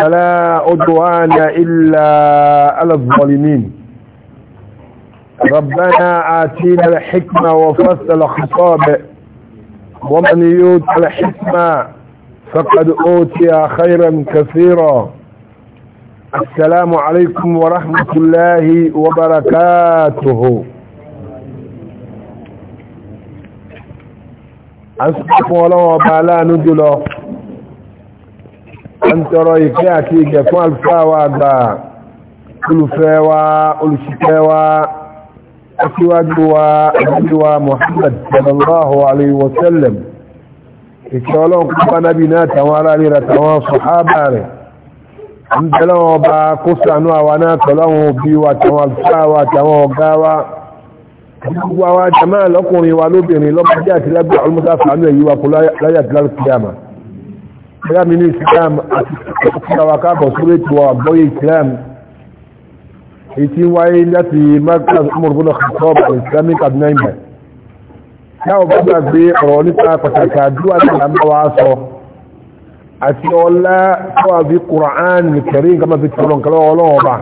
فلا عدوان إلا على الظالمين ربنا آتينا الحكمة وفصل خطابه ومن يوت الحكمة فقد أوتي خيرا كثيرا السلام عليكم ورحمة الله وبركاته أسقف الله وبعلا نجلو ń tọrọ ìkẹ́ àti ìgẹ̀ fún alfáwà àgbà olùfẹ́ wa olùṣìkẹ́ wa aṣíwájú wa aṣíwá Muhammad sallallahu alaihi wasallam ìkẹ́ ọlọ́run kúpa nábi náà tàwọn ará rí ràtàwọn sọ̀hábà rẹ̀ ń tẹ́lọ́wọ́n bá kó sànú àwa náà tọ́lọ́wọ́n òbí wa tàwọn alfáwà tàwọn gbogbo àwọn jama lọ́kùnrin wa lóbìnrin lọ́bàjẹ́ àti lábẹ́ olùmọ́sáfà àánú ẹ̀yí wa kò láyàtìlá kìyàmà bóyá mi ní islam àti ìkàwà káàkọ̀ sórí ètò àgbọ́yé islam èyí tí ń wáyé láti markaz mọ̀rọ̀gbọ́nà kàtọ́ọ̀bù islamic adnaimẹ̀ yáwọ̀ bá gbàgbé ọ̀rọ̀ nípa pàtàkì àdúrà ní àmàwà sọ àti ọlá tọ́wà bí kùrán kẹrí nǹkan máa fi tọrọ nǹkan lọ́wọ́ ọlọ́wọ́ bá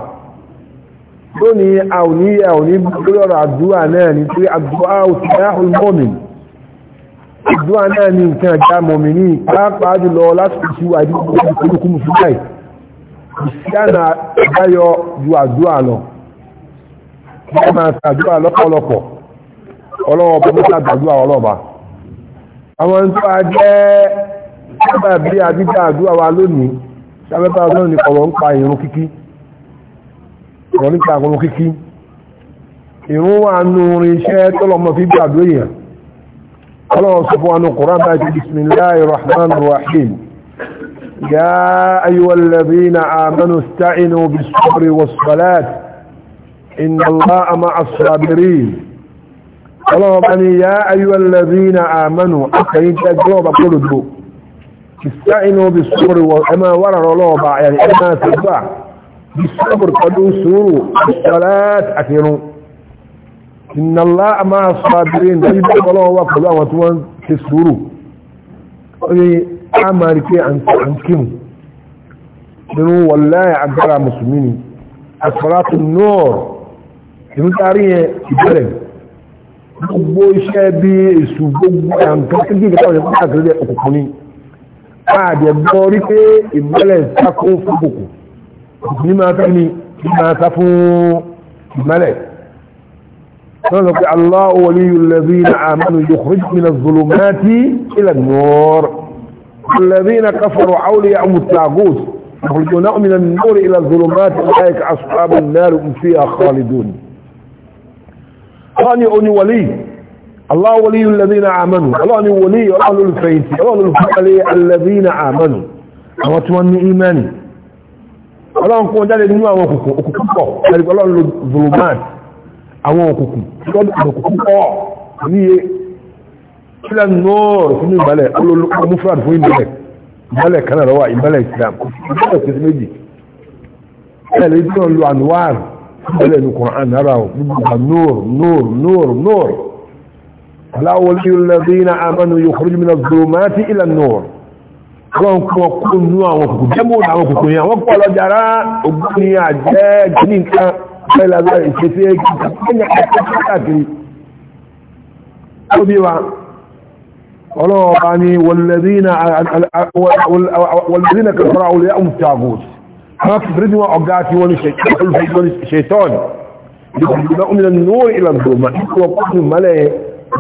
lónìí àwòníyà òní lórí ọ̀rọ̀ àdúrà náà ní pé àdúrà òsì àdúrà náà ní nǹkan àjá mọ̀mí ní pàápàá jùlọ lásìkò tí wà ní olùkú mùsùlùmí ìsíànà àbáyọ ju àdúrà lọ wọ́n máa ta àdúrà lọ́pọ̀lọpọ̀ ọlọ́wọ́ ọba mọ́ta àdúrà ọlọ́ba àwọn tó a jẹ́ sábà bí àdúgbà àdúrà wa lónìí sábẹ́bà ọlọ́run ní ọ̀rọ̀ ń pa ìrun kíkí ọ̀rọ̀ nípa ìrun kíkí ìrun wà nù irinṣẹ́ tọ́lọ́mọ fi gbàdúrà yẹn قالوا سبحانه القرآن بأجل بسم الله الرحمن الرحيم يا أيها الذين آمنوا استعنوا بالصبر والصلاة إن الله مع الصابرين قالوا بني يا أيها الذين آمنوا أخيين تقلوا بقلوا استعنوا بالصبر وما وراء الله يعني أما سبع بالصبر قدوا سوروا الصلاة أخيرون inna Allah ma sabirin da ibi ọlọ́wọ́ wà pẹ̀lú àwọn tí wọ́n ti sùúrù oye a ma rí pé an kínu nínú wàláyà agbára musulmi ni asfaratu nọ́ọ̀rọ̀ inú tari yẹn ìbẹ̀rẹ̀ gbogbo iṣẹ́ bí èsù gbogbo àǹkan tí kí ìgbàtàwọn yẹn kúrò قال الله ولي الذين آمنوا يخرج من الظلمات إلى النور الذين كفروا أولياءهم التاغوت يخرجون من النور إلى الظلمات أولئك أصحاب النار هم فيها خالدون قال أني ولي الله ولي الذين آمنوا الله أني ولي أهل الفيت أهل الفقلي الذين آمنوا أما أتمنى إيماني الله أنكم ذلك نوع وكفر أكفر الله الظلمات àwọn òkùnkùn lọ́dún òkùnkùn pọ̀ níye kílẹ̀ nọ́ọ̀rù fún ìbálẹ̀ olólùkọ́múfúrad fún ìbálẹ̀ ìbálẹ̀ kanáà lọ́wọ́ ìbálẹ̀ islam ìbálẹ̀ kìí méjì ẹ̀lẹ́ tí wọ́n lo anwar ìbálẹ̀ ní kùrán nára ò nígbà nọ́ọ̀rù nọ́ọ̀rù nọ́ọ̀rù nọ́ọ̀rù aláwọ̀lẹ́ ìlẹ́dínà amánu yóò kọrọ jùmínà zolomati ilẹ̀ nọ́ọ̀rù bẹ́ẹ̀ lábẹ́ ìṣesí ẹgbẹ́ káàkiri ó bí wa ọlọ́wọ́ bá ní wọ̀lẹ́dínà kẹfàrà olè àwùtàgùs àwọn kìfìrí tí wọ́n ọ̀gá tí wọ́n ṣètọ́n ìgbìmọ̀ òmìnà nóòrì ìlànà ìkọ̀ pàtàkì mẹ́lẹ̀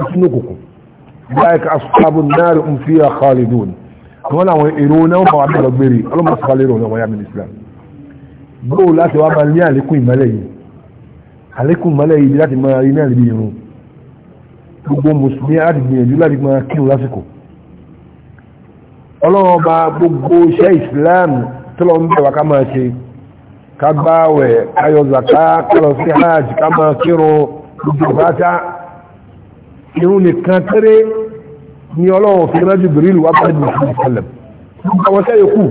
ìsinú kòkò báyìí asùpàbù náà rẹ̀ ń fi àkàlìdùn wọ́n àwọn èrò náà wọ́n bá wà ní ọgbẹ̀rẹ̀ ọlọ́mọ̀ bóò láti wá máa ní àlékún ìmọ́lẹ̀ yìí àlékún ìmọ́lẹ̀ yìí láti máa rí náà níbi ìrun gbogbo mùsùlùmí láti gbìyànjú láti máa kírun lásìkò ọlọ́run ọba gbogbo iṣẹ́ ìsìláàmù tó lọ ń bẹ̀rẹ̀ wá ká máa ṣe ká gbáwẹ̀ ká yọ zàká ká lọ sí hajj ká máa kírun gbogbo bàtà irun nìkan kéré ni ọlọ́run fi rájú bìrìlù wá bá ẹ̀dùn sí ìsẹ̀lẹ̀ gbogbo àwọn sẹ́yìn kù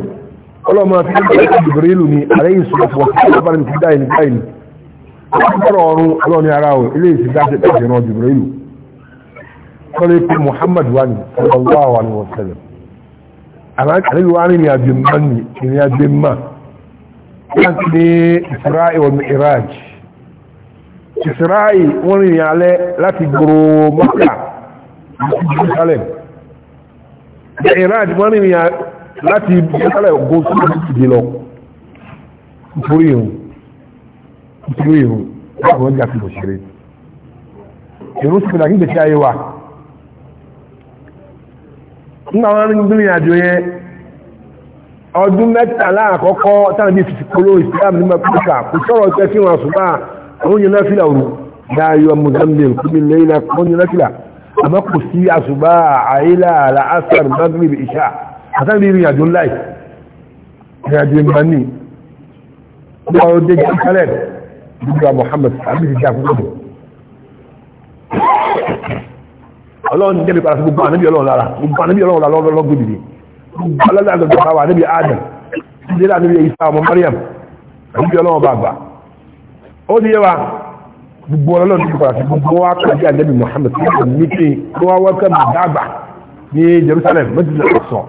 ọlọ́mọ fi ń bẹ̀rẹ̀ ìbìrìlù ni àlẹ́yìn sọ̀rọ̀ ọ̀pọ̀lọpọ̀ ní ti dáìní dáìní ọ̀pọ̀lọpọ̀ ọ̀run ọlọ́ni ara ọ̀ ilé ìsìnkáṣẹ́ pẹ̀lú ìran ìbìrìlù sọ́lé pé Muhammad wà ní sallallahu alaihi wa sallam àlẹ́yìn wà ní ìrìnàjò mọ́ ní ìrìnàjò mọ́ láti láti ìgbésàlẹ̀ ògo sí ìdí lọ nítorí ìhùn nítorí ìhùn láàbọ̀ ń jàpé òṣèré ìrú sí ìlànà ìgbésí ayé wa nígbà wọn rí nínú ìrìnàjò yẹn ọdún mẹ́tàlá àkọ́kọ́ táwọn ibi ìfìsìkolo Islam ní mẹ́kúta kò sọ̀rọ̀ ìfẹ́ sí wọn àṣùgbà àwọn yẹn náfìlà òru dáyọ mozambique kúmi lẹ́yìn àwọn yẹn náfìlà àmọ́ kò sí àṣùgbà àìlà àlà asar magrib àtàrí ìrìn àjò láì ìrìn àjò ìmọ̀ní ọgbà ọdẹ jẹ́kálẹ̀ nígbà Muhammad abisi jẹ́ àkókò ọlọ́run jẹ́ bí parasí gbogbo ànábì ọlọ́run lára gbogbo ànábì ọlọ́run lára lọ́gbọ̀n dìde gbogbo alọ́dà àgbẹ̀gbẹ̀ bá wà níbi Adam ìdí láti bí Isa ọmọ Mariam ànábì ọlọ́run bá gbà ó ní yẹwa gbogbo ọlọ́run jẹ́ parasí gbogbo wa kàdí ànábì Muhammad ní kí wọ́n wọ́kẹ́ bàbá àgbà ní Jerusalem mẹ́tìlá ọ̀sán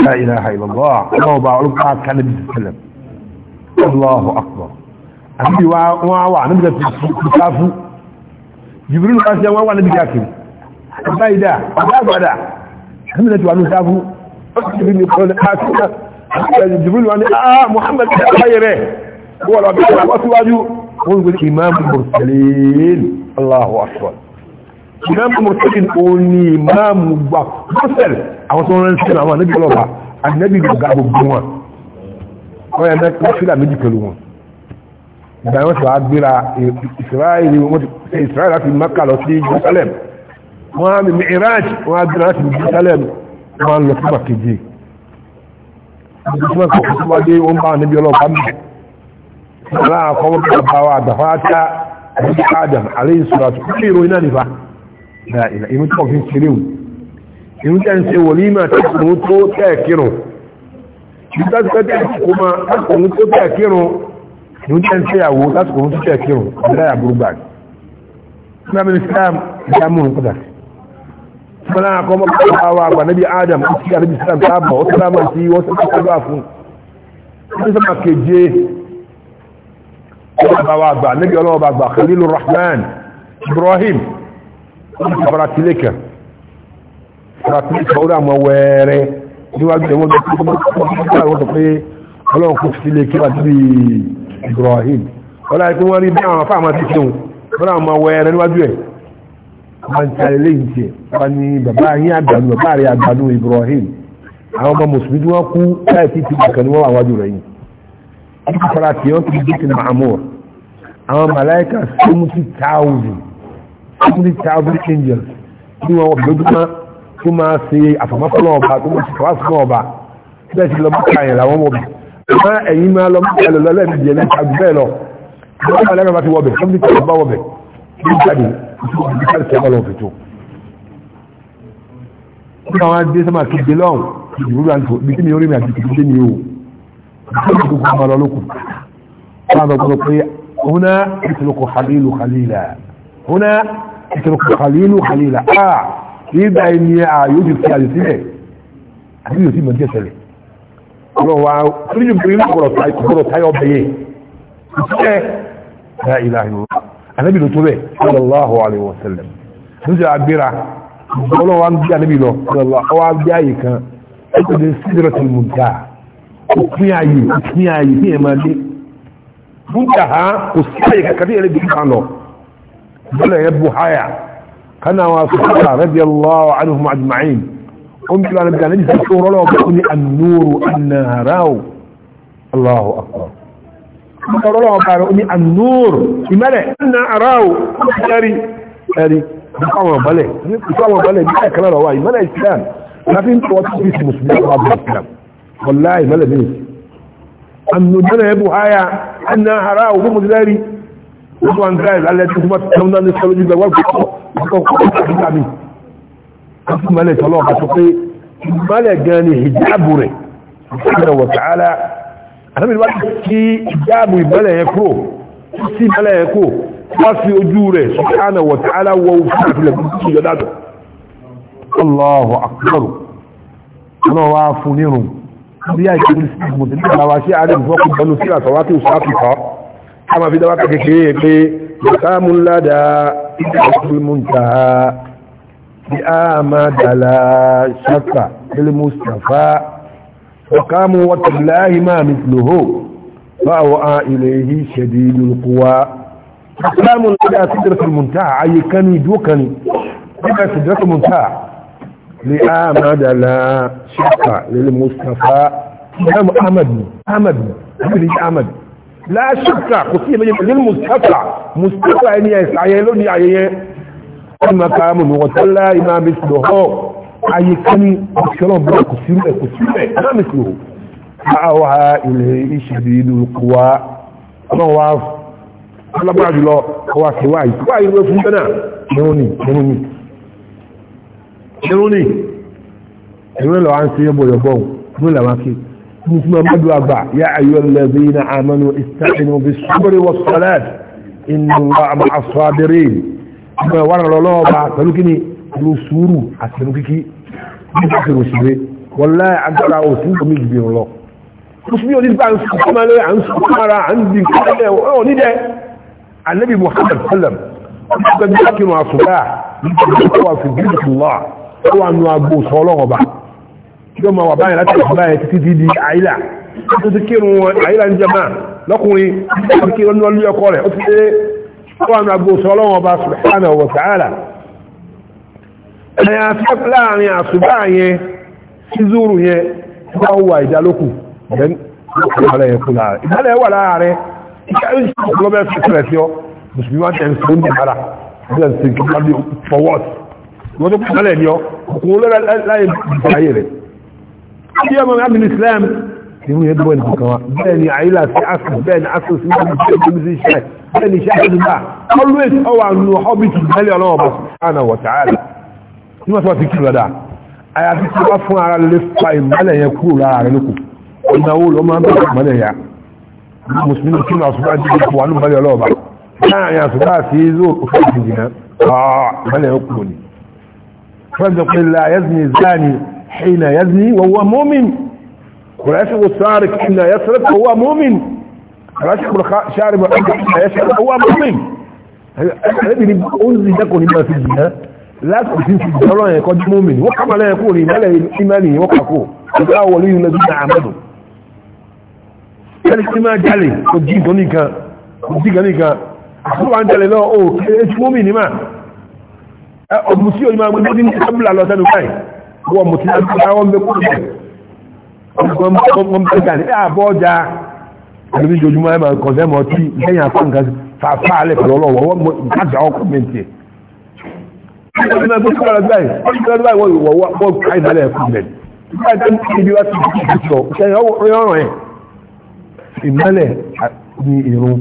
لا إله إلا الله الله بارك كان بيتكلم الله أكبر أبي وا وا وا نبي تكافو جبريل قال يا وا وا نبي كافو بايدا بايدا دا حمد تو انو كافو جبريل يقول كافو جبريل وانا اه محمد خيره هو لو بيقول واسواجو هو يقول امام المرسلين الله أكبر ìmáàmù mọ̀tẹ́kìn òun ni ìmáàmù gbà mọ́sẹ̀l àwọn tó rán sí àwọn anábì ọlọ́ba anábì gbogbo gbogbo wọn wọ́n yẹn mẹ́kọ́ sílà méjì pẹ̀lú wọn ìgbà wọn sì wá gbéra ìsìráìlì wọn ti ṣe ìsìráìlì láti Mẹ́kà lọ sí Jerusalem wọn á mímí iraj wọn á gbéra láti Jerusalem wọn á lọ sí màkejì ìgbésí wọn kò fún wa dé wọn bá anábì ọlọ́ba mi la ilaha ìmú tó fi ń ṣeré wù ìmú tẹ́ ń ṣe wòlímà tẹ́kùnmú tó tẹ́ẹ̀kírùn ìtàkùn tẹ́ẹ̀kùnmú tó tẹ́ẹ̀kírùn ìmú tẹ́ ń ṣe àwò tẹ́ẹ̀kùnmú tó tẹ́ẹ̀kírùn ìdáyà burúgbà islam islam ìdámú pàtàkì sọ́nà àkọ́mọ́ pàtàkì àgbà níbi adam àti àríbi islam sábọ̀ ó sábà sí wọ́n sí ọjọ́ àfún wọ́n sábà keje ọlọ́ọ̀bà àgbà níbi ọlọ́ọ̀bà faratilé kan faratilé kan ó dàmọ́ wẹ́ẹ́rẹ́ níwájú ẹ̀wọ́n tó kọ́ ọ́ tó pé ọlọ́run kò fi lè kí wá sí Ibrahim wọ́n láti wọ́n rí bí àwọn afá àmọ́ ti ṣe òun wọ́n náà mọ wẹ́ẹ́rẹ́ níwájú ẹ̀ máa ń ta ilé yìí tiẹ̀ wọ́n ní bàbá yín àgbàdo bàbá rẹ̀ àgbàdo Ibrahim àwọn ọmọ mùsùlùmí tí wọ́n kú láì tí ti bàkàn ní wọ́n wà wájú rẹ̀ yìí wọ́n ti fara tiẹ̀ wọ́n ti dé ti Mahamud àwọn màláìkà 70,000 three thousand angels ní wọn wọ́n lójúmọ́ tó máa ṣe àfàmọ́fọ́lọ́ ọba tó máa ṣe kàwásùkọ́ ọba tí wọ́n ti lọ mọ́ta yẹn làwọn wọ̀ bẹ̀ ọmọ ẹ̀yìn máa lọ mọ́ta lọ lẹ́ẹ̀mejì ẹ̀mí tàbí bẹ́ẹ̀ lọ wọ́n máa lẹ́gbẹ̀ẹ́ ti wọ̀ bẹ̀ fún mi tẹ̀lé bá wọ̀ bẹ̀ ní jáde ní káàdì tẹ́lẹ̀ lọ fètò. wọ́n máa dé sọ́mà tó dé lọ́hùn ìdúró àti ibi tí mi ò rí mi àti ibi tí mi ò wọ́n máa lọ lókun. wọ́n máa lọ هنا اترك خليل خليلا اه يبقى ان يوجد في الاسئله àbí yóò sì mọ̀ díẹ̀ sẹ́lẹ̀ ọlọ́wà oríṣi ìpínlẹ̀ ìgbọ̀rọ̀ táyọ̀ bẹ̀yẹ ìṣẹ́ ẹ̀yà ìlànà anábì ló tó bẹ̀ sallallahu alaihi wa sallam lóṣù àgbéra ọlọ́wà ń bí anábì lọ ọwà bí ààyè kan ẹgbẹ̀dẹ̀ sídìrọ̀ tó mú ta òpin ààyè òpin ààyè ní ẹ̀mà dé mú ta ha kò sí ààyè kankan ní ẹ̀rẹ́ bí kan lọ ولا يبو حايع كان واسطة رضي الله عنهم اجمعين قمت انا بقى نجي الصورة له وقلني النور انا راو الله اكبر قالوا له قالوا النور لماذا انا اراو اري بقوة قاموا بقوة قاموا بالي بكل رواي ما إسلام ما في توقف في مسلم رب الاسلام والله ما له النور انا يبو حايع انا راو بمداري wọ́n wọ́n drive lálẹ́ tó bá tẹ̀wọ́n náà ní sọ́lọ́ nígbà wọ́n kọ́ ọkọ̀ ọkọ̀ mi káfí malẹ̀ tọ́lọ́ ọ̀gá sọ pé malẹ̀ gan ni hijabu rẹ̀ ṣùgbọ́n wọ̀ tààlà àtàbí wọ́n ti kí hijabu ìmalẹ̀ yẹn kúrò sí malẹ̀ yẹn kúrò wọ́n fi ojú rẹ̀ ṣùgbọ́n wọ̀ tààlà wọ́ fún àfilẹ̀ kúrò yọ dáadọ̀ Allahu akbar ọlọ́run wá fún nírun bí àìsí ìgbìmọ̀ tẹ̀lé àwọn aṣẹ́ àdébùfọ́kù bẹnu sílà sọ̀rọ̀ àti òṣèlú àfihàn a ma fi dáwà kàkẹ́ kéré yẹ pé ìsáàmù ládà ìdàgbàsílmùntà bí a ma dàlà ṣàkà ilmùsàfà ọkàmù wàtàláhì máa mi lòhó báwọ̀ a ilẹ̀ yìí ṣẹ̀dì lulkuwa ìsáàmù ládà ìdàgbàsílmùntà ayé kani dókani ìdàgbàsílmùntà lè a ma dàlà ṣàkà ilmùsàfà Ahmad ni, Ahmad ni, Ahmad láṣíkà kò sí ẹ̀mẹ́jẹ̀ pẹ̀lú mustapha mustapha ẹni ẹ̀sà ayẹ lónìí ayẹyẹ ọmọkàámù wọ̀tọ́lá imáàmì ṣùgbọ́n ayé kání ọ̀ṣọ́lọ́ bọ́ kò sí rẹ̀ kò sí rẹ̀ imáàmì ṣùgbọ́n àwọn ilẹ̀ ìṣẹ̀lẹ̀ ìlú kọwa ọlọ́wà alábàá jùlọ kọwa kẹwàá yìí kọwa yìí wọ́n fún bẹ́nà mẹ́rúnì mẹ́rúnì محمد أبا يا أيها الذين آمنوا استعنوا بالصبر والصلاة إن الله مع الصابرين أما ورع الله بعد فلوكني رسول أسلوكي بذكر وشبه والله أنت لا أسلوك من الله مسلمين يجب أن سكما لي عن سكما عن دين كلا وندى النبي محمد صلى الله عليه وسلم قد يأكل مع الصلاة يجب في جلد الله هو أن يكون صلى yóò máa wà báyìí láti ọ̀pọ̀ báyìí títí di di àìlà tó ti kírun wọn àìlà ń jẹ máa lọ́kùnrin tó ti kírun lọ́lú ọkọ rẹ̀ ó ti dé wọn àgbo sọ ọlọ́wọ́n ọba subhanahu wa ta'ala ẹ̀yà fẹ́ láàrin àṣùbá yẹn sí zúrù yẹn tó bá wà ìdálókù then ìbálẹ̀ yẹn kú láàrẹ̀ ìbálẹ̀ wà láàrẹ̀ ìkàrí ìṣàkọlọ́bẹ̀ fẹ́fẹ́rẹ̀ sí ọ mùsùlùmí wọn tẹ̀ ń sọ ní ìbára bí ọmọ ìyá mìíràn Islam ni wọ́n yẹn bọ́ ẹni kankan wa bẹ́ẹ̀ ni àyílà sí asu bẹ́ẹ̀ ni asu sí ibi ṣe bẹ́ẹ̀ always ọwà nù ọbí ti gbẹ́lẹ̀ ọlọ́wọ́ bọ̀ sùhánà wọ̀tàálà ní wọ́n sọ ti kí lọ́dà àyàfi tí wọ́n fún ara lè fa ìmọ́lẹ̀ yẹn kúrò lára rẹ̀ lóko ọ̀nà wo ló máa ń bẹ̀rẹ̀ ìmọ́lẹ̀ yà mùsùlùmí kí lọ́sùn bá dìde fún wa ní ìmọ́lẹ̀ ọlọ́wọ́ bá láàrin àsùnbá àti zó حين يزني وهو مؤمن والعاشق السارق حين يسرق وهو مؤمن والعاشق الشارب حين يسرق وهو مؤمن الذي أنزي تكون ما في الدنيا لا تكون في الدنيا قد مؤمن وكما لا يكون إيمان إيمانه وقفه إذا ولي الذين عمدوا كان اجتماع جالي وجين دونيكا وجين دونيكا أخبر عن جالي لا أوه إيش مؤمن ما أبو أه، سيو إمام قبل على سنو كاين wọ́n mú ti àwọn mẹ́kúnlẹ̀ wọ́n bẹ́ gà ní àbọ́ ọjà àlúbí jojúmọ́ ẹ̀mà kọ̀sẹ́mọ̀ tí lẹ́yìn àkọ́nkà fàfàálẹ̀ pẹ̀lú ọlọ́wọ́ wọ́n mú ìgbàjà ọkọ̀ mẹ́ntì ìmọ́lẹ̀ ní ìrún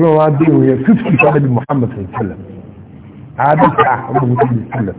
ọlọ́wọ́ adé ìròyìn 50 kọ́lẹ̀bí Muhammad sallallahu alaihi wasallam àádọ́ta ọmọ ìrìn sallallahu alaihi wasallam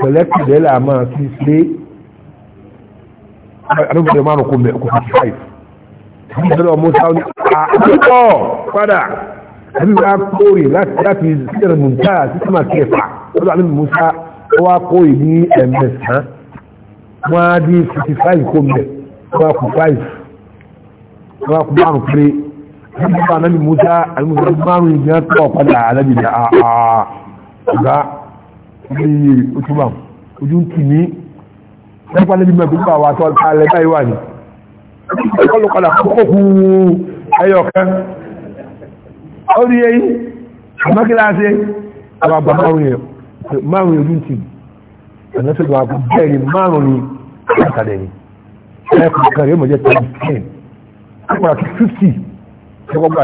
pẹ̀lẹ́pẹ̀lẹ́ là máa fi sílé àdúgbò márùn kò mẹ́kò 55 ìjọba musa ní àkókò padà àbí wàá kórè láti sílẹ̀ mùtá sí sọ́mà kẹfà lọ́dọ̀ àbí musa wàá kórè ní ẹ̀mẹsàn wọ́n á di 55 kò mẹ́ wọ́n kò 5 wọ́n kò márùn péré àbí wàá nábì musa àbí musa márùn ìjìnlẹ̀ tó padà àlábì ní àà ọ̀gá ní ojúmọ̀ ojú ń kì ní ẹgbẹ́ níbi mẹ́gbẹ́ nípa àwọn àtọ́ alẹ́ báyìí wà ní ọlọ́kọ̀lá kókó kú ẹyọ̀kan ó rí èyí àmọ́kíláṣẹ́ àwọn àgbà márùn-ún ojú ń kì ní ẹ̀nẹ́sọ̀gbọ̀n àgbà bẹ́ẹ̀ ni márùn-ún ní àkàdẹ̀ ni ẹ̀kùn kẹrẹ mọ̀jẹ́ 10 ẹ̀kùn àti 50 ẹgbọ́gbà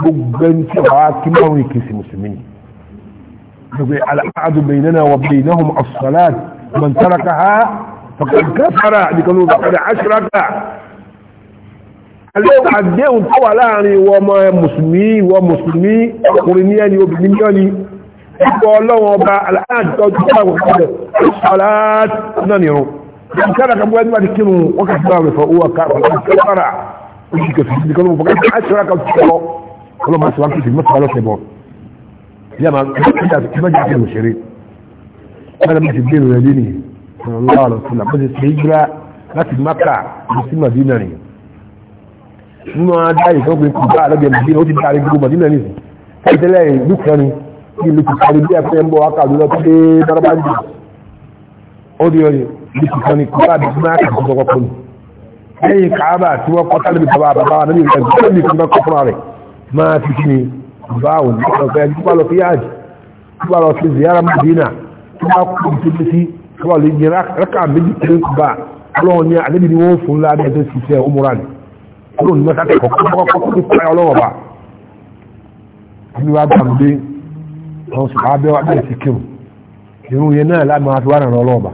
gbogbo ẹni tí ọ̀há kí márùn-ún ìkẹsì mùsùlùmí ni العهد بيننا وبينهم الصلاة من تركها فقد كفر لكنه فقد أشرك اليوم àdéhùn tó wà láàrin ọmọ mùsùlùmí wọ mùsùlùmí ọkùnrin ní ẹni obìnrin ní ọni ipò ọlọ́wọ́n ọba aláàjọ tó wà wọ́pẹ̀lẹ̀ ṣọ́láàtì náà ni ọ̀rọ̀ ìkára kan bóyá níwájú kírun wọ́n kà síbáà rẹ̀ fọ́wọ́ kára oṣù kẹfì nìkan ló mọ̀ fọ́kà yàmà ìbájá fi òṣèré ọ̀nà bí ti bèèrè rẹ̀ lé ní ọ̀rọ̀lọ́wọ́ àlọ́sílà bó ti ṣe ìgbà láti maka sí madina ni nínú adá ìfọ́gbé kù bá àlọ́gbẹ̀ madina ó ti dárí gbogbo madina ní ìtẹ́lẹ̀ ìlú kan ni kí ìlú ti parí bí ẹ̀fẹ́ ń bọ́ wákà lọ tó dé darabá jù ó di ọyẹ ìlú ti kan ni kú bá bíi máa kàkó sọkọ pọ̀ nù lẹ́yìn káábà tí wọ́n kọ́ tálẹ́bì bàbá bàbá wa lẹ́yìn ìgbà tó báwo lọ́pẹ́ nípa lọ fíyàjì nípa lọ sí ziyara madina tó bá kú tó bí sí kọwà lè ní rákà méjì tó bá ọlọ́run ní alẹ́bí ni wọ́n fún láàrin ẹ̀tọ́ sí iṣẹ́ umuran ọlọ́run ní mẹ́ta kọ̀kọ́ kọ́kọ́ tó pẹ́ ọlọ́run bá ní wàá bá mi dé wọn sọ abẹ́ wa bẹ́ẹ̀ sí kíw irun yẹn náà láti máa fi wá ràn ọlọ́run bá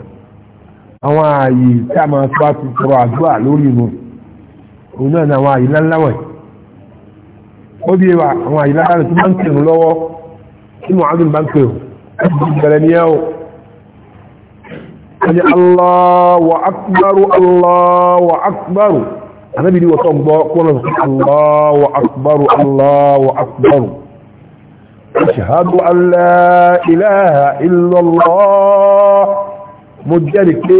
àwọn ààyè tí a máa fi wá tọrọ àdúrà lórí inú òun náà ní àwọn ààyè ńláńláwọ̀n ó bí wa àwọn àyíká rẹ̀ tí máa ń kìrù lọ́wọ́ tí muhammed bá ń kìrù bẹ̀rẹ̀ ní ẹ̀wọ̀ ẹni Allahu akbaru Allahu akbaru anábìdí wọ́n tó ń gbọ́ kó lọ sí Allahu akbaru Allahu akbaru ashhadu an la ilaha illallah mo jẹ́rìí pé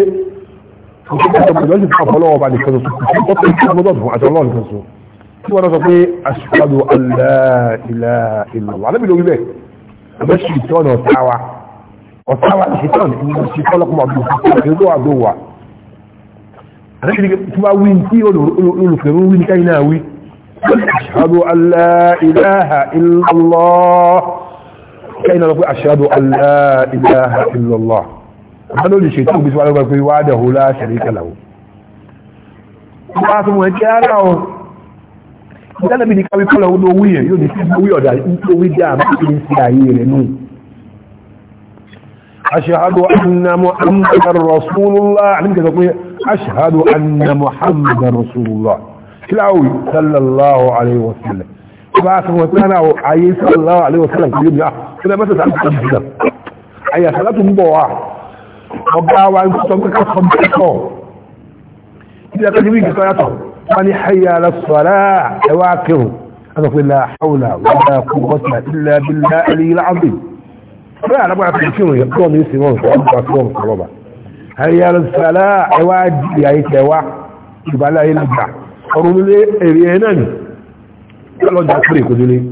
Ìjọba ìjọba ìjọba ìfọ̀lọ́wọ́ bá nìkan tó tó tó tó tó tó tó tó tó tó tó ولا تطيع اشهد ان لا اله الا الله النبي يقول لك ماشي الشيطان وتعوى وتعوى الشيطان ان الشيطان لكم عبد الله يدعو عدوا رجلك تبع وين تي ولو كانوا وين كاي ناوي اشهد ان لا اله الا الله كاين لو اشهد ان لا اله الا الله هذا الشيطان بيسوى لك وعده لا شريك له ما تمو الله ìdálẹ́bí ní káwí kọ́lọ̀ owó owó yẹn yóò ní sí owó ọ̀dà owó jẹ́ àmì ní sí ayé rẹ̀ nù aṣíhádù anna muhammadar rasulullah alimkẹta pé aṣíhádù anna muhammadar rasulullah kíláwì sallallahu alaihi wasallam bá a sọ̀rọ̀ pé náà ayé sallallahu alaihi wasallam kò ní àkílẹ̀ mẹ́ta sáà kò sí sílẹ̀ ayà sàlátù ń bọ̀ wá ọgá wa ń sọ pé ká sọ يعني حي على الصلاة أنا أقول لا حول ولا قوة إلا بالله العلي العظيم لا لا بقى في الشنو يقوم يسيمون فأبقى سيوم صلوبة هيا للصلاة يواج يعني تواع يبقى لا يلجع حروم الإيهنان قالوا جاء تريكو دولي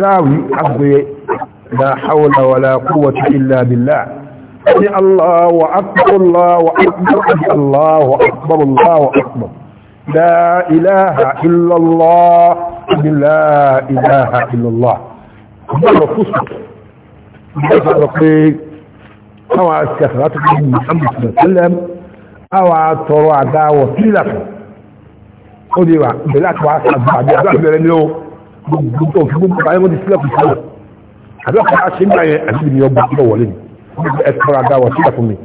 تاوي عبدي لا حول ولا قوة إلا بالله أني الله وأكبر الله وأكبر الله وأكبر الله وأكبر لا إله إلا الله لا إله إلا الله مرة فسق بس رقيق أو أسكثرات محمد صلى الله عليه وسلم أو أترى دعوة لك ودي بقى بلاك وعسى بعد أبلاك بلان يو بلطوف بلطوف بلطوف بلطوف بلطوف أبلاك وعسى معي أبلاك يوم بلطوف ولين أترى دعوة لك مني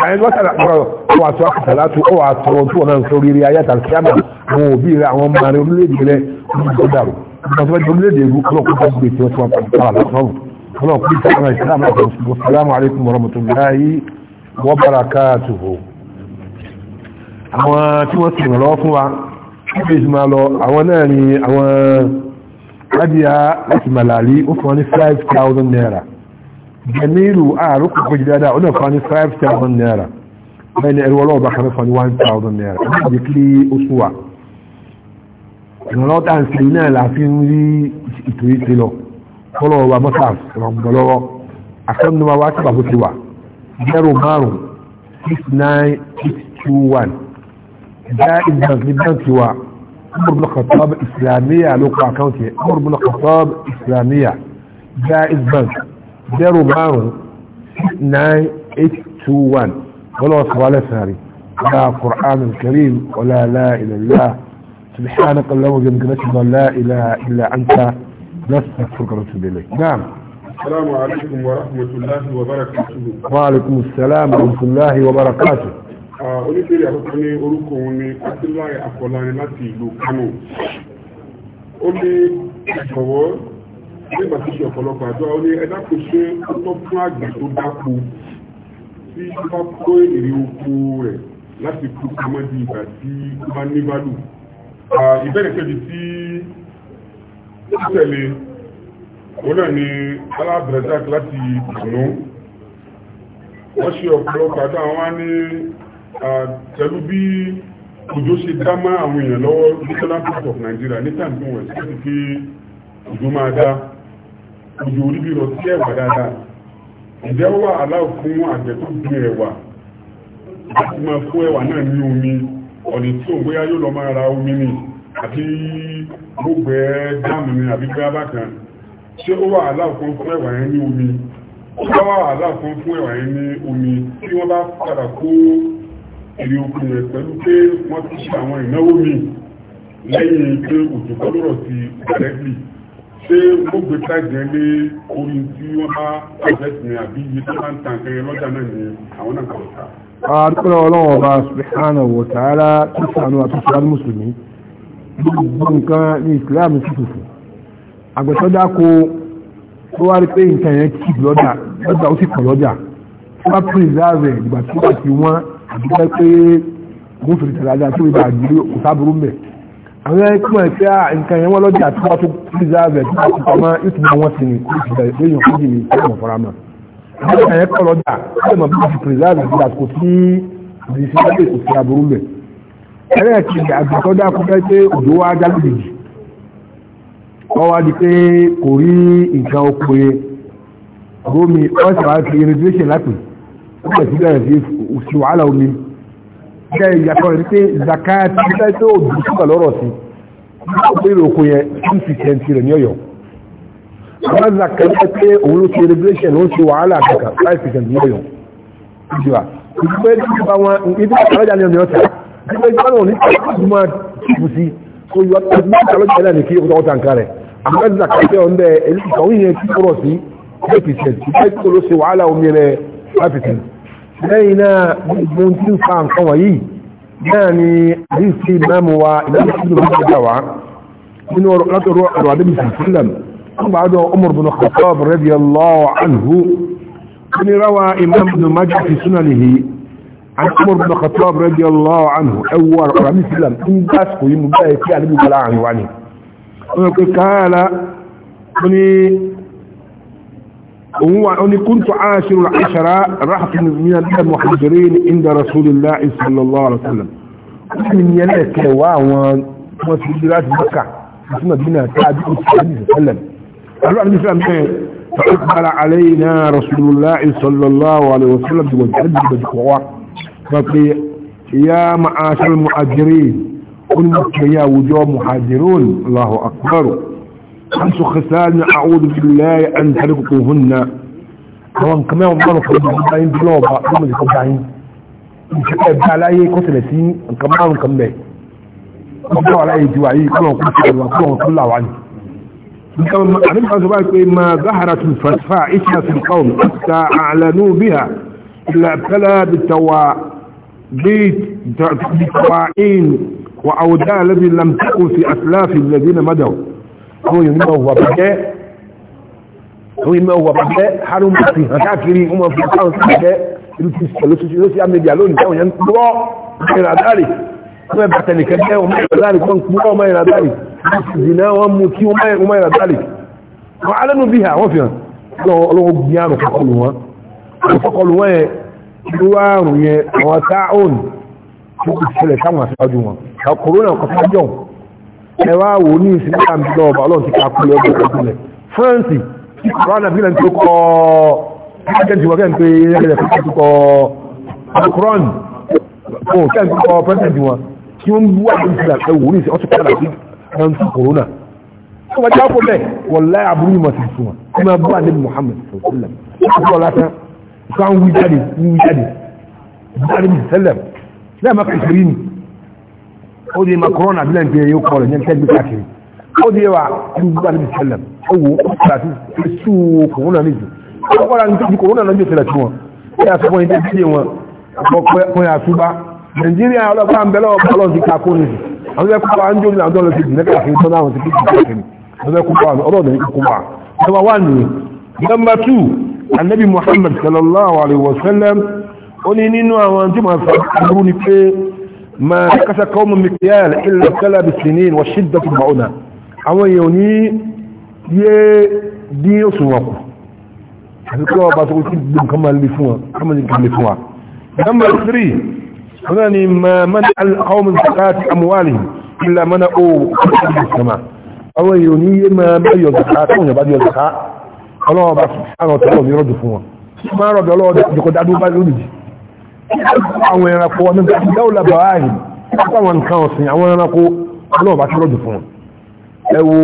báyìí lọ́sàrà ọ̀rọ̀ wà tó àkàtàlá tó ọ̀wà tó tó ọ̀nà nǹkan oríire ayé àtàkíyàmà àwọn òbí rẹ àwọn ọmọ rẹ orílẹ̀-èdè rẹ ló dàrú ìgbàsọ́jọ́ orílẹ̀-èdè ìlú ọlọ́kùnrin tó gbé tí wọ́n ti wà pàdé tààlà sọ́rọ̀ ọlọ́kùnrin tó wà ìsìlám assalamu alaikum warahmatullahi wabarakatuhu àwọn tí wọ́n sì rànlọ́wọ́ fún wa bí ìsìn máa lọ àwọn náà ni àwọn rádìá láti màlàlí ó naira jamilu a rukun kuji dada ona fani 5,000 naira bai na irwa lọ́wọ́ bá kàmẹ́ fani 1,000 naira wọ́n di kiri oṣuwa ìrànlọ́wọ́ tàà sí náà láàfin rí ìtò ìtì lọ kọlọ́wọ́ bá mọ́sàs rọ̀mọ̀lọ́wọ́ akẹ́mọ́nà wá sábà bó ti wà 0 da'in bank ni banki wa umar bin khattab islamiyya lokacin account umar bin khattab islamiyya da'in bank zero márùn nine eight two one wọ́n wọ́n sọ̀rọ̀ alẹ́ sàárì wọ́n á qur'an al-karim wọ́n lá ilaha illallah subhanaka allahumma wa bihamdika nashhadu an la ilaha illa anta nastaghfiruka wa natubu ilayk naam السلام عليكم ورحمة الله وبركاته وعليكم السلام ورحمة الله وبركاته oníbèrè àkọ́kọ́ ní orúkọ òun ni Abdullahi Akọlani láti ìlú Kano ó ní ìkọ̀wọ́ ní ìgbà tí ṣe ọ̀pọ̀lọpọ̀ àjọ ó ní ẹ̀dá kò ṣe ó tọ́ fún àgbẹ̀ tó dáko tí ó bá kó èrè oko rẹ̀ láti kú pamọ́ di ìgbà tí ó bá ní bálù. ìbẹ̀rẹ̀ kejì tí ó tẹ̀lé òun náà ni alábẹ̀rẹ̀dák láti dùnú wọ́n ṣe ọ̀pọ̀lọpọ̀ àjọ àwọn wá ní pẹ̀lú bí òjò ṣe dá mọ́ àwọn èèyàn lọ́wọ́ national bank of Nigeria ní tàbí wọ̀n sí pé òjò máa dá òjò orí rírọ̀ sí ẹ̀wà dáadáa ǹjẹ́ ó wà aláwọ̀ fún àgbẹ̀ tó gbin ẹ̀wà láti máa fún ẹ̀wà náà ní omi ọ̀nà tí òun bóyá yóò lọ máa ra omi ni àbí gbogbo ẹ̀ dáàmù ni àbí bóyá bákan ṣé ó wà aláwọ̀ fún fún ẹ̀wà yẹn ní omi ó bá wà aláwọ̀ fún fún ẹ̀wà yẹn ní omi tí wọ́n bá padà kó èrè oko rẹ̀ pẹ̀lú pé wọ́n ti ṣe àwọn ìnáwó mi lẹ́yìn pé òjò kọ́ lọ́rọ̀ sí directly ṣé wọ́n gbé táìgẹ̀ lé orí tí wọ́n bá àfẹ́sì ní àbí iye tó bá ń tàn kẹrẹ lọ́jà náà ni àwọn náà kọ̀ ọ̀tá. àdúgbò ọlọ́run ọba subhanahu wa ta'ala tó sànú àtúnṣe láti mùsùlùmí gbogbo nǹkan ní ìsìláàmù tuntun àgbẹ̀sọ́dá kó tó wá rí pé nǹkan yẹn kì lọ́jà lọ́jà ó sì kọ̀ lọ́jà tó bá pírísàvẹ̀ ìgbà tí wọ́n ti wọ́n àdúgbò pé mùsùlùmí tẹ̀lé àwọn ẹkùn ẹ̀kẹ́ ah, nǹkan yẹn wọ́n lọ́jà tó bá tó pírísàvẹ̀ tó bá tó pamọ́ ìtumọ̀ wọn sí ni kó ìgbà lẹ́yìn fújì ní ìtumọ̀ fara mọ́ àwọn ẹ̀kàn yẹn kọ́ lọ́jà tó mọ̀ bí ti pírísàvẹ̀ tó bá kò sí ìdísí lọ́dẹ̀ kò aburú bẹ̀. ẹ̀rẹ́ ẹ̀kì àgbẹ̀tọ́jà kó fẹ́ pé òjò wá jáde wọ́n wá di pé jẹ́ ìyàtọ̀ rẹ̀ pé zakati títẹ́ tó dùn ṣúgbà lọ́rọ̀ sí pé ìròkò yẹn two percent rẹ̀ ní ọ̀yọ́ àwọn zakati tẹ́ pé òun ló ṣe regulation ló ń ṣe wàhálà kankan five percent ní ọ̀yọ́ ìjọba ìgbẹ́ ìjọba wọn ibi àlọ́jà ní ọ̀yọ́ tà ìgbẹ́ ìjọba wọn ní ìjọba tìbù sí tó yọ ìgbẹ́ àlọ́jà náà ní kí ó tọ́ta nǹkan rẹ̀ àwọn zakati tẹ́ ọ̀ndẹ̀ èyí kàwé yẹn kí ó rọ̀ sí five percent ìgbẹ́ ìjọba ló ṣe wàhálà omi rẹ̀ five percent lẹ́yìn náà gbogbo tí يعني حديث nǹkan امام náà ni àdíṣì mẹ́mù wa ìlànà ìjọba wa nínú látọ̀rọ̀ àdàbí sílẹ̀m بعد عمر بن الخطاب رضي الله عنه كان روى إمام بن ماجه في سننه عن عمر بن الخطاب رضي الله عنه أول رمي سلم إن باسكو يمبايا في علم القلاع عنه وعنه قال هو أني كنت عاشر العشرة رحت من المحجرين عند رسول الله صلى الله عليه وسلم من يلاك وعوان مسجدات مكة اسمه بنا تعدي صلى الله عليه وسلم إيه؟ فأقبل علينا رسول الله صلى الله عليه وسلم وجد بجوار فقال يا معاشر المؤجرين كن يا وجوه محجرون الله أكبر خمس خسان اعوذ بالله ان تلقوهن كمان كمان مره في الدين بلوبا ثم الكبعين ان شاء على اي كتلة سين ان كمان نكمل ان على اي دواعي كل ما كنت كل ما ما ظهرت الفسفاء اسمة القوم حتى اعلنوا بها الا ابتلى بالتوا بيت بالتوائين واودا الذي لم تكن في اسلاف الذين مدوا àwọn èèyàn nímọ̀ wà bàjẹ́ àwọn èèyàn wà bàjẹ́ harun mọ̀sí hàn káàkiri wọ́n mọ̀ fún káwọn sí bàjẹ́ ìlú ti pẹ̀lú tuntun ló sí àmìdíà lónìí táwọn yẹn ń gbọ́ ìrìn àdáre wọ́n bàtà nìkan jẹ́ ọmọ ìrìn àdáre wọ́n kú ọmọ ìrìn àdáre wọ́n sì dìnnà wọ́n mú kí ọmọ ìrìn àdáre wọ́n alẹ́nu bí àwọn fi hàn ọlọ́wọ́ gbin àrùn kọkọlù wọn kọkọlù wọn yẹn irú ẹwà wò ní ìsinmi àmì lọ́ọ̀bà ọlọ́run ti ká kúlẹ̀ ọgbọ̀n ìpínlẹ̀ france kọ́nà bí lẹ́n tó kọ́ president wọ́n kẹ́ pé ẹgbẹ̀rẹ̀ fún tó kọ́ macron fún kẹ́ tó kọ́ president wọn tí wọ́n bú àwọn ìsinmi àti wò ní ìsinmi ọtún kọ́nà sí ẹran tó corona tó wọ́n jáfọ́ bẹ́ẹ̀ wọ́n láyà aburú yìí mọ̀sí fún wọn tí wọ́n bú àdé muhammed sọ̀tìlẹ̀ ọkọ̀ lásán ìfọ̀n wí jáde wí jáde bú àdé muhammed ó di ma bí lẹ́yìn pé yóò kọ́ rẹ̀ tẹ́gbẹ́ káàkiri ó di wa ju bá níbi sẹ́lẹ̀ ó wo àti èsù corona ní jù ó kọ́ra ní tóbi corona lọ́jọ́ ìṣẹ̀lẹ̀ tí wọn ó yà sọ fún ẹni tí wọn fún yà túbá nàìjíríà ọlọ́pàá ń bẹ̀rẹ̀ ọlọ́run ti kakó ní jù àwọn ẹ̀kọ́ pa ń jóni àwọn ọlọ́sì ìdílé number one number two anabi muhammad sallallahu alaihi wa sallam ó ní nínú àwọn tí wọn sọ àbúrú ما نكس قوم مكيال إلا ابتلى بالسنين والشدة المعونة àwọn èèyàn ní yé dín òsùn wọn kù àti kí wọ́n bá sọ sí gbogbo nǹkan máa lè fún wọn kí wọ́n nǹkan lè fún wa number three wọ́n náà ni mọ́ni alhawm zakati amuwali illa mọ́nà o kọ́kọ́ sama àwọn èèyàn ní yé máa bá yọ zaka tí wọ́n yà bá yọ zaka ọlọ́wọ́ bá sọ àwọn ọ̀tọ́ ọ̀mí rọ̀dù fún wọn máa rọ̀dù ọlọ́wọ́ jẹ́kọ̀dá dúpá lónìí àwọn ẹranko ọmọ dáúlà bàáyì àwọn nǹkan ọ̀sìn àwọn ẹranko náà bá ṣọ́rọ̀dù fún ẹ wo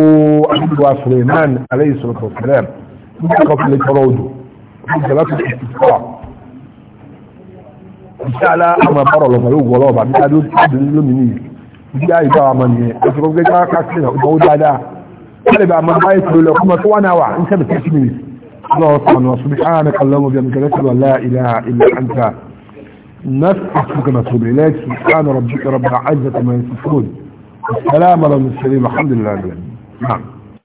àdúgbò Suleiman alayhi salatu wasalam nígbà kan fún ẹjọ́rọ̀ odò ìjọba tó ti kọ́ ìṣàlá àmà bọ́rọ̀ lọ pẹ̀lú ògbọ́ ọlọ́ọ̀bà bí adó ti dùn lómìnì ìdí àyíká wa mọ̀ nìyẹn ẹ̀sùn gbogbo ẹgbẹ́ káàkiri ọ̀gbọ́ ó dáadáa wọ́n lè bá àmà báyìí tó lọ kọ́mọ tó wà náà wà ń sẹ́bẹ̀ tẹ́sí mi lọ́wọ́ wa bihamdika la ilaha illa anta الناس أحفظك مطلوب إليك سبحان ربك رب العزة ما يصفون السلام على المسلمين الحمد لله نعم